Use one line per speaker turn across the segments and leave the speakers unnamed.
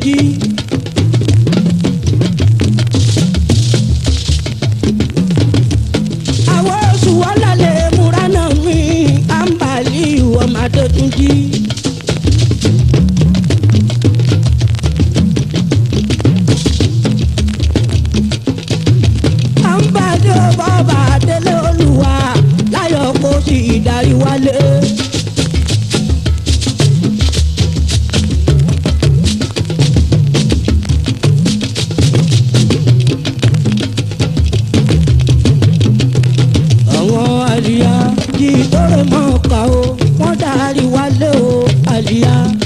seguir Yeah.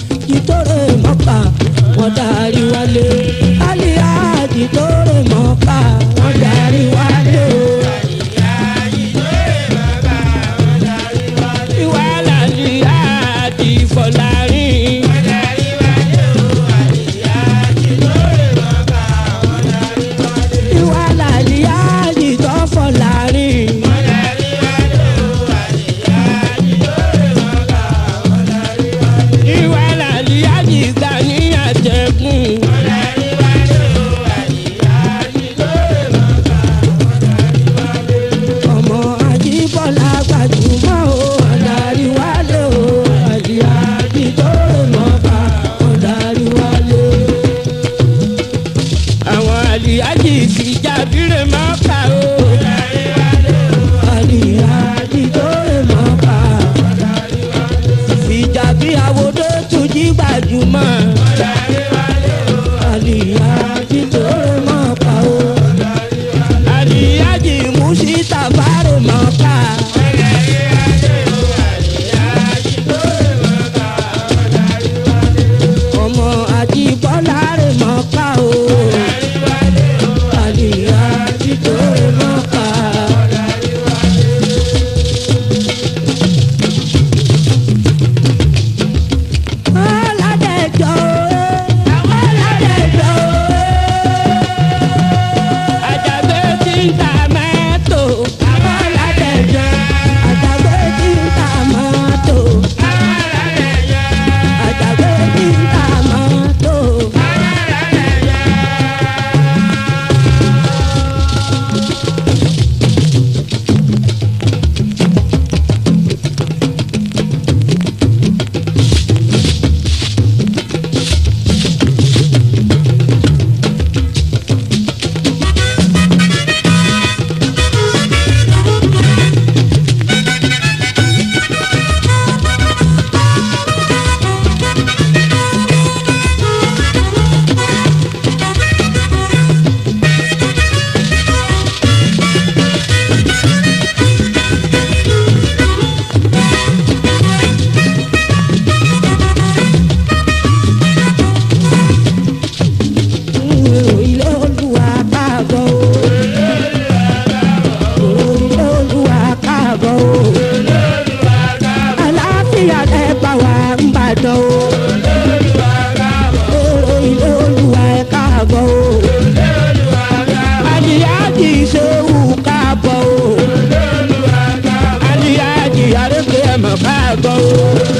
àgbọ̀ o.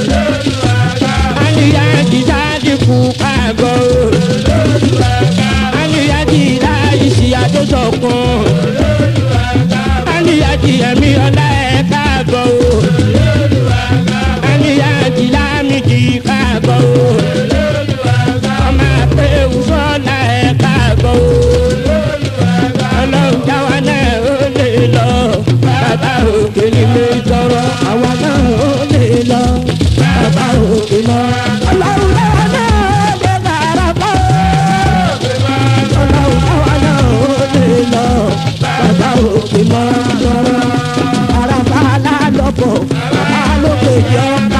bọ̀ alókè yọ.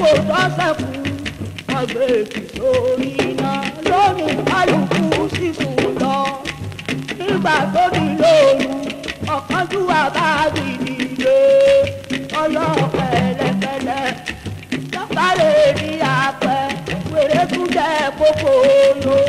kò tọ́sẹ̀kù àgbèkì sórí iná lónìí kálukú sísun lọ nígbà tó di lóru ọ̀kánjúwà bá di nílé ọlọ́pẹ̀lẹ́pẹ̀lẹ́ sọ́kàlẹ̀ ní àpẹ wèrè tún jẹ́ kókó lóru.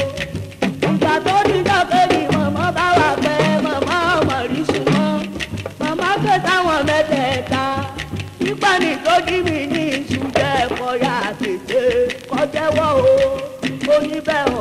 de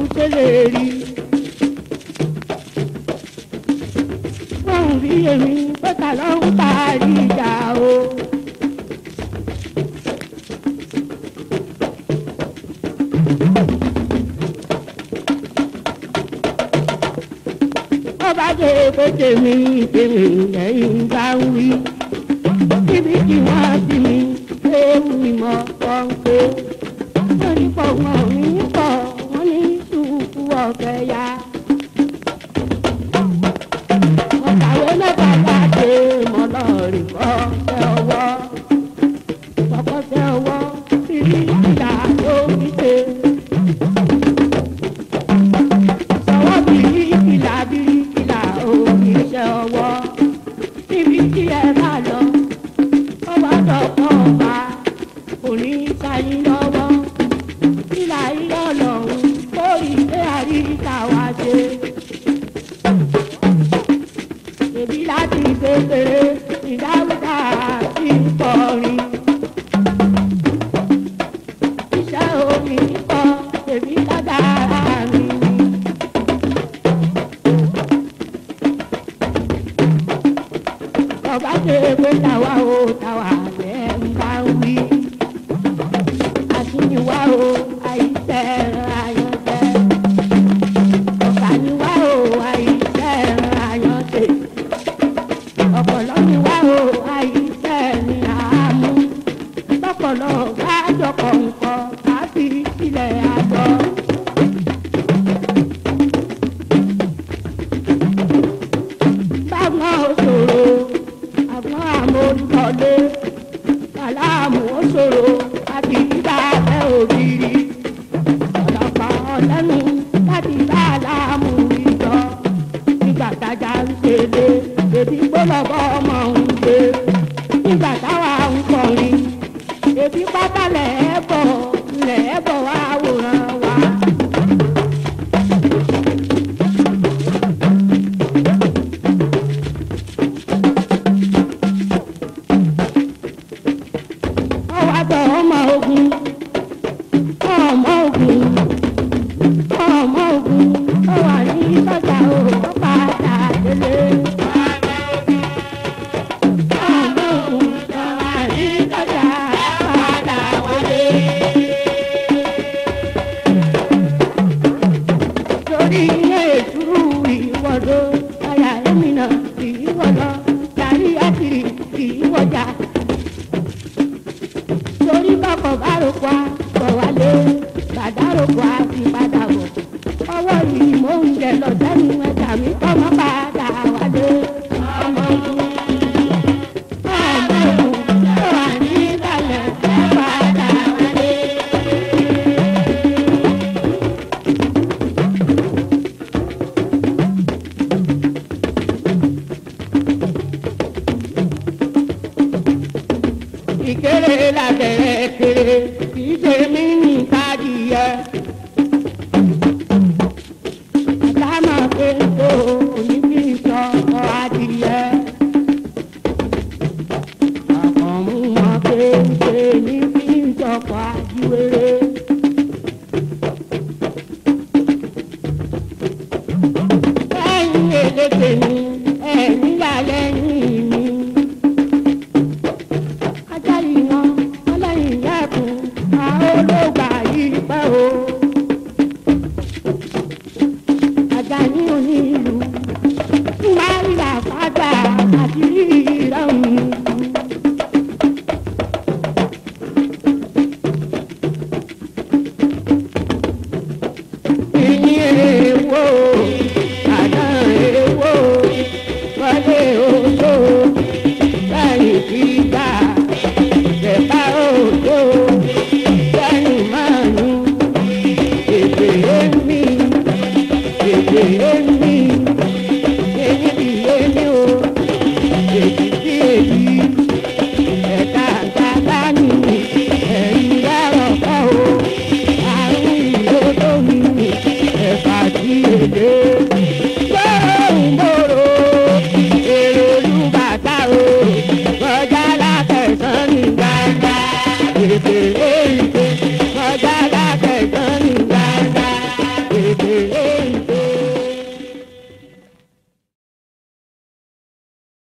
wípé lè rí wọn ò rí èmi pé ta ló ń parí ìjà o. ọba jẹ́ pé tèmi tèmi lẹ́yìn bá ń wí níbi tí wọ́n ti mi pé wí mọ́ pọ́ńpé lórí pọ́ńpọ́n. ọkọ̀ bá rògbò àpọ̀ wálé bàdá rògbò àti padà bọ̀ ọwọ́ yìí mò ń jẹ lọ sẹ́nu ẹ̀dá mi kọ́ mọ́ bá a. vida.